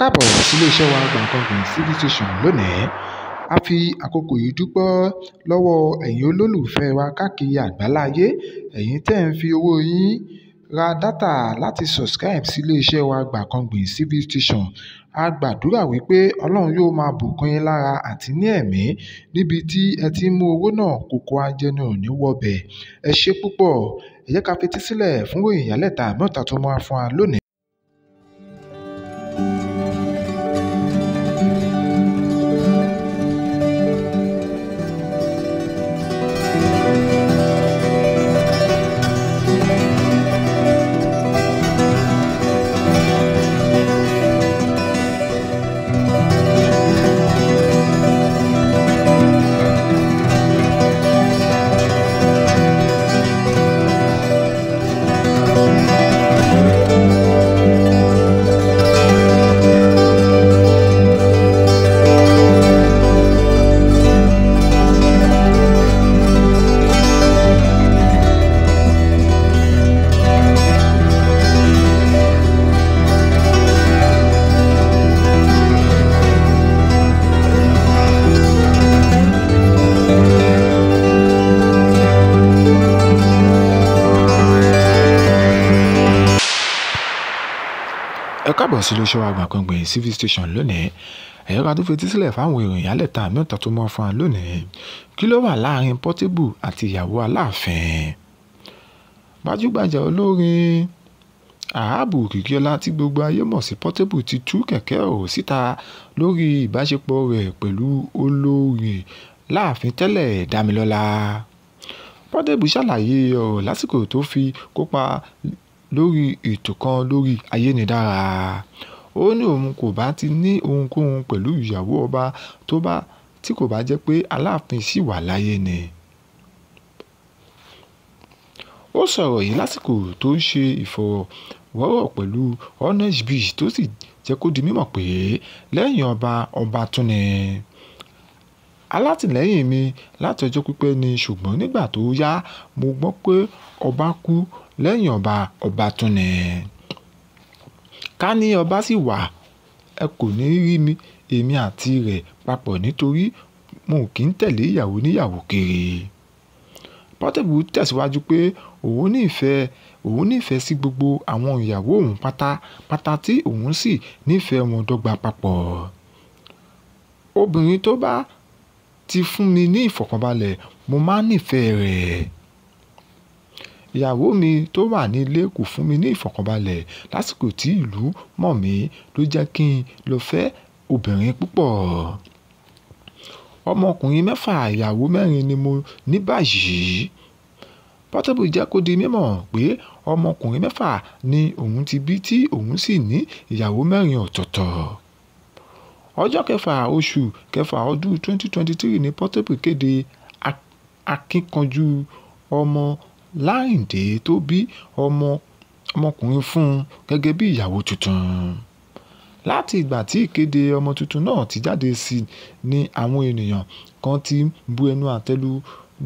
káàbọ̀ sílé iṣẹ́ wa Gbankanbi cv station lónìí a fi àkókò yìí dúpọ́ lọ́wọ́ ẹ̀yin olólùfẹ́ wa káàkiri àgbáláyé ẹ̀yin tẹ́ ń fi owó yín ra dátà láti subscribe sílé iṣẹ́ wa Gbankanbi cv station a gbàdúrà wípé ọlọ́run yóò máa bùkún yín lára àti ní ẹ̀mí níbi tí ẹ ti ń mú owó náà kókó ajẹnu òní wọbẹ̀ ẹ ṣé púpọ̀ ẹ jẹ́ ká fetí sílẹ̀ fún ìyálẹ̀ta mẹ́ta tó máa fún wa lónìí bọ̀ sí lóṣọ́wọ́ àgbàkangbè civil station lónìí ẹ̀yọ́ ká tó fetí sílẹ̀ fáwọn ìròyìn alẹ́ta mẹ́ta tó mọ́ fún wa lónìí kí ló wà láàrin Portable àti ìyàwó Aláàfin gbajúgbajà olórin àhábù kìkíọ́lá tí gbogbo ayé mọ̀ sí Portable ti tú kẹ̀kẹ́ ọ̀rọ̀ síta lórí ìbáṣepọ̀ rẹ̀ pẹ̀lú olórin Láàfin tẹ́lẹ̀ Dámilọ́lá Portable ṣàlàyé ọ̀rọ̀ lásìkò tó fi kópa lórí ètò kan lórí ayélujára. Ó ní òun kò bá ti ní ohunkóhun pẹ̀lú ìyàwó ọba tí kò bá jẹ́ pé Aláàfin ṣì wà láyé ni. Ó sọ̀rọ̀ yìí lásìkò tó ń ṣe ìfọ̀rọ̀wọ́rọ̀ pẹ̀lú Hornby tó sì jẹ́ kó di mímọ̀ pé lẹ́yìn ọba, ọba tún ni. Alátìlẹ́yìn mi láti ọjọ́ pípẹ́ ni ṣùgbọ́n nígbà tó yá, mo gbọ́ pé ọba kú lẹ́yìn ọba ọba tún ni ká ní ọba sì wà ẹ kò ní rí mi èmi àti rẹ̀ papọ̀ nítorí mo kì í tẹ̀lé ìyàwó níyàwó kiri Portable tẹ̀síwájú pé òun nífẹ̀ẹ́ òun nífẹ̀ẹ́ sí gbogbo àwọn ìyàwó òun pátápátá tí òun sì nífẹ̀ẹ́ wọn dọ́gba papọ̀ obìnrin tó bá ti fún mi ní ìfọ̀kànbalẹ̀ mo máa nífẹ̀ẹ́ rẹ̀ ìyàwó mi tó wà ní ilé kò fún mi ní ìfọ̀kànbalẹ̀ lásìkò tí ìlú mọ̀ mí ló jẹ́ kí n lọ fẹ́ obìnrin púpọ̀. ọmọkùnrin mẹ́fà ìyàwó mẹ́rin ni mo ní báyìí. Portable jẹ́ kó di mímọ̀ pé ọmọkùnrin mẹ́fà ni òun ti bí tí òun sì ní ìyàwó mẹ́rin ọ̀tọ̀ọ̀tọ̀. ọjọ́ kẹfà oṣù kẹfà ọdún 2023 ni Portable kéde akíkanjú ọmọ láìdé tó bí ọmọ ọmọkùnrin fún un gẹ́gẹ́ bí ìyàwó tuntun láti ìgbà tí ìkéde ọmọ tuntun náà ti jáde sí ni àwọn ènìyàn kan ti ń bu ẹnu àtẹ́ lu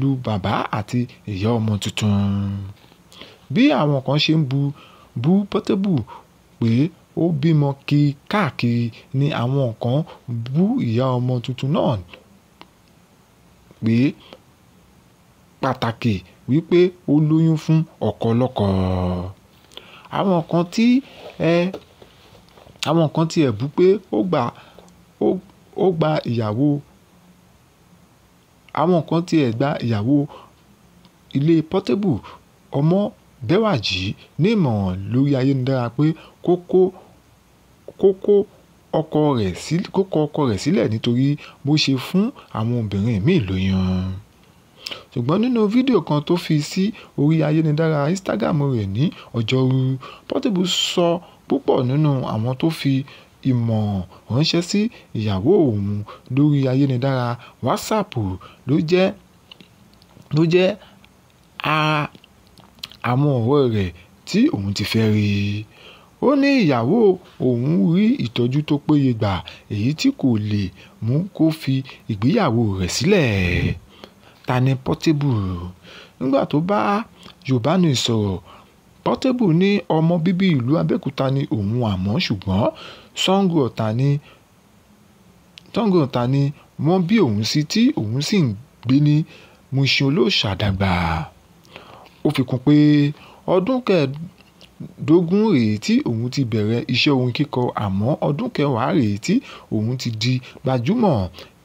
lu bàbá àti ìyá ọmọ tuntun bí àwọn kan ṣe ń bu bu Portable pé ó bímọ kí káàkiri ni àwọn kan bu ìyá ọmọ tuntun náà pé pàtàkì wípé ó lóyún fún ọ̀kọ̀lọ́kọ̀ àwọn kan tí ẹ àwọn kan tí ẹ̀ bú pé ó gba ó gba ìyàwó àwọn kan tí ẹ̀ gba ìyàwó ilé Portable ọmọ Bẹ́wàjí ní ìmọ̀ràn lórí ayélujára pé kó kó kó kó ọkọ rẹ̀ sílẹ̀ nítorí bó ṣe fún àwọn obìnrin míì lóyún. Ṣùgbọ́n nínú fídíò kan tó fi sí orí ayélujára Instagram rẹ̀ ní Ọjọ́rú, Portable sọ púpọ̀ nínú àwọn tó fi ìmọ̀ràn ránṣẹ́ sí ìyàwó òun lórí ayélujára WhatsApp ló jẹ́ àwọn ọ̀rẹ́ rẹ̀ tí òun ti fẹ́ rí. Ó ní ìyàwó òun rí ìtọ́jú tó péye gbà èyí tí kò lè mú kó fi ìgbéyàwó rẹ̀ sílẹ̀. Tani Portable nígbà tó bá Yorùbá News sọ̀rọ̀, Portable ní ọmọ bíbí ìlú Abẹ́òkúta ni òun àmọ́ ṣùgbọ́n Sango Ọ̀tà ni wọ́n bí òun sí tí òun sì ń gbé ní Mushin Olóòṣà dàgbà. Ó fi kún pé ọdún kẹẹ̀dógún rèé tí òun ti bẹ̀rẹ̀ iṣẹ́ orin kíkọ àmọ́ ọdún kẹwàá rèé tí òun ti di gbajúmọ̀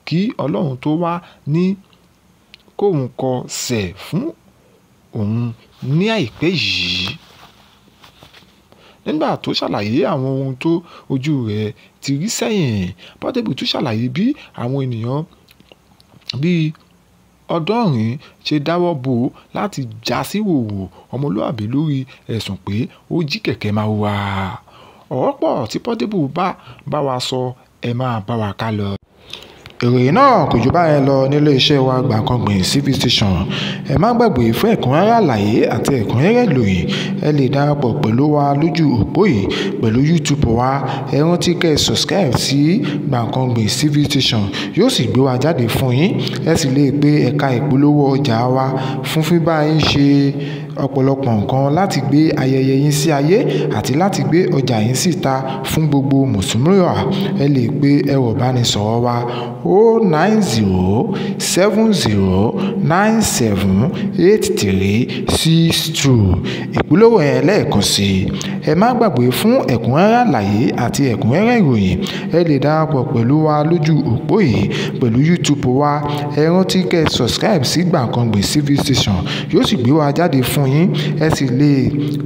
kí Ọlọ́run tó wà ní kóun kọ sẹ̀ fún òun ní àìpẹ́ yìí nígbà tó ṣàlàyé àwọn ohun tó ojú rẹ̀ ti rí sẹ́yìn Portable tún ṣàlàyé bí àwọn ènìyàn bíi ọ̀dọ́rin ṣe dáwọ́ bò ó láti já sí wòwò ọmọlúàbí lórí ẹ̀sùn pé ó jí kẹ̀kẹ́ máa wà ọ̀rọ̀ pọ̀ tí Portable bá bá wa sọ ẹ máa bá wa ká lọ ìròyìn náà kò jù báyẹn lọ nílé iṣẹ́ wa Gbankanbi Civil station ẹ má gbàgbé fún ẹ̀kúnrẹ́rẹ́ àlàyé àti ẹ̀kúnrẹ́rẹ́ ìròyìn ẹ lè darapọ̀ pẹ̀lú wa lójú òpó yìí pẹ̀lú YouTube wa ẹ rántí kẹ́ ẹ subscribe sí Gbankanbi cv station yóò sì gbé wa jáde fún yín ẹ sì lè pe ẹ̀ka ìpolówó ọjà wa fún fífá yín ṣe ọ̀pọ̀lọpọ̀ nǹkan láti gbé ayẹyẹ yín sí ayé àti láti gbé ọjà yín síta fún gbogbo mùsùlùmí ẹ lè pe ẹ̀rọ ìbánisọ̀rọ̀ wa ó o nine zero seven zero nine seven eight three six two ìpolówó yẹn lẹ́ẹ̀kan sí i ẹ má gbàgbé fún ẹ̀kúnrẹ́rẹ́ àlàyé àti ẹ̀kúnrẹ́rẹ́ ìròyìn ẹ lè darapọ̀ pẹ̀lú wa lójú òpó yìí pẹ̀lú YouTube wa ẹ rántí kẹ́ ẹ subscribe sí Gbankanbi TV station yóò sì gbé wa jáde fún yín ẹ sì lè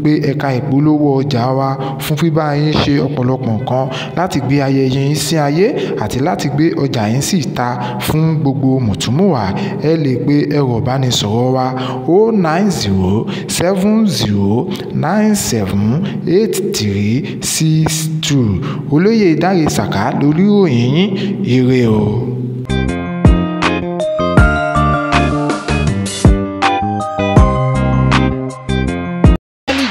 pe ẹ̀ka ìpolówó ọjà wa fún fífún bá yín ṣe ọ̀pọ̀lọpọ̀ nǹkan láti gbé ayẹyẹ yín sí ayé àti láti gbé ọjà yín síta fún gbogbo mùtúmùwà ẹ lè pe ẹ̀rọ ìbánisọ̀rọ̀ wa o nine zero seven zero nine seven eight three six two olóyè Dáre Sàká lórí ìròyìn yín ire o.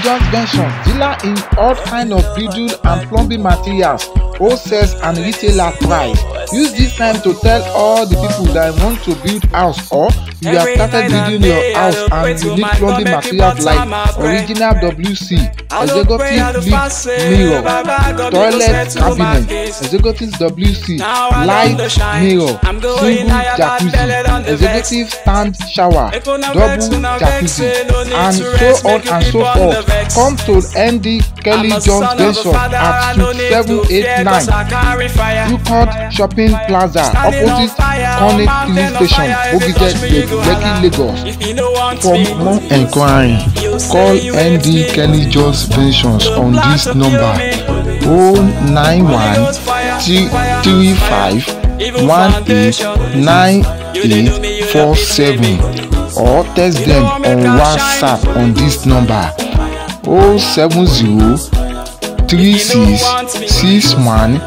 John's Ventures, dealer in all kind of building and plumbing materials, wholesale and retailer price. Use this time to tell all the people that want to build house or you have started building your house and you need plumbing materials like original WC, executive lift mirror, toilet cabinet, executive WC, light mirror, single jacuzzi, executive stand shower, double jacuzzi, eh, and so on and so forth. Come to ND Kelly Jones Benson at 2789 Newport Shopping shopping plaza opposite conic police station ogige lekki ah. lagos for more enquiry call nd kenny jones ventures oh on this number 091 35 189847 or text them on WhatsApp on this number 070 three six six one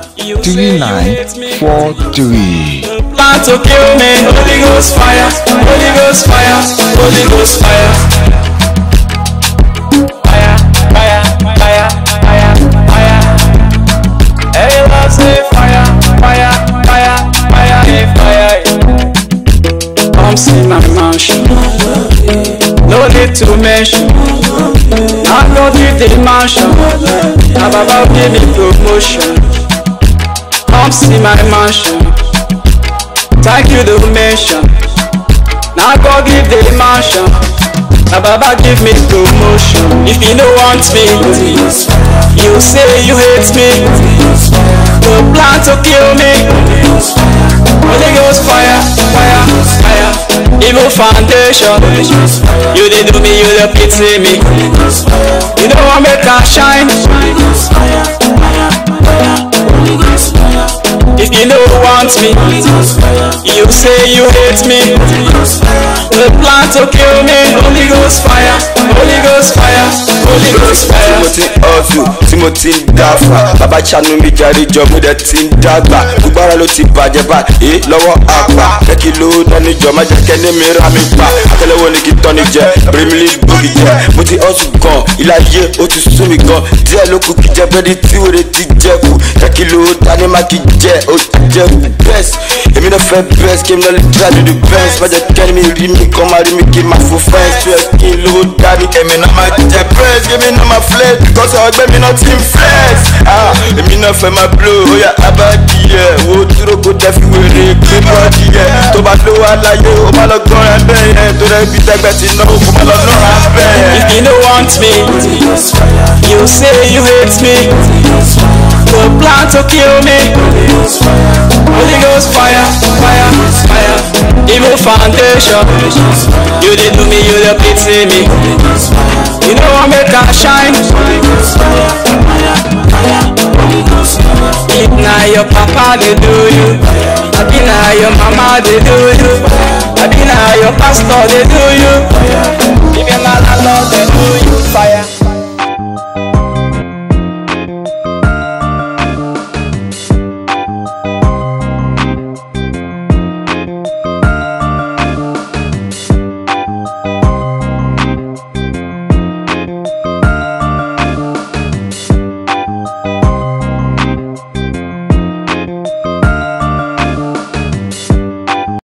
three nine four three. Plan to kill me, Holy Ghost fire, Holy Ghost fire, Holy Ghost fire. to mention. I know the mansion. I'm about to give promotion. Come see my mansion. Thank you the mention. Now go give the mansion. Now Baba give me promotion. If you don't want me, you say you hate me. You plan to kill me. Holy Ghost fire, fire, fire. Even foundation You did do me, you did pity me You know I make her shine If you know want me You say you hate me. The plan to kill me. Holy Ghost fire. Holy Ghost fire. Holy Ghost fire. Timothy Otu, Timothy Dafa. Bàbá Ṣàánú mi jàre jọ mú dẹ̀ ti ń dàgbà. Gbogbo ara ló ti bàjẹ́ bá èé lọ́wọ́ àgbà. Jẹ́ kí ló dání jọ má jẹ́ kẹ́ni mi rà mí pa. Akẹ́lẹ́wọ́ ni kí tọ́ni jẹ, rímìlì gbòógì jẹ ti hustle gan ìlàyé ó ti sú mi gan díẹ̀ ló kù kí jẹ bẹ́ẹ̀ni tí wèrè ti jẹ kù kẹ́kì ló dání má kí jẹ ó jẹ kù best èmi náà fẹ́ best kí èmi náà lè try to do best má jẹ́ kẹ́ni mi rí mi kọ́ máa rí mi kí n máa fò fẹ́ǹs tó yẹ kí n lówó dání èmi náà máa jẹ praise kí èmi náà máa flex because àwọn mi náà ti ń flex ah, yẹ wo túrókò fi wèrè bọ́ọ̀dì yẹ tó bá lówó aláyé o má lọ gbọ́n bẹ́ẹ̀ tó rẹ bí tẹgbẹ́ ti náwó kò má lọ bẹ́ẹ̀. If you no want me, you say you hate me, go plan to kill me, Holy Ghost fire, fire, fire, Even foundation, you dey do me, you dey pity me, you know I make I shine. Now your papa they do you. I be now your mama they do you. I be now your pastor they do you. Even my landlord they do you. Fire.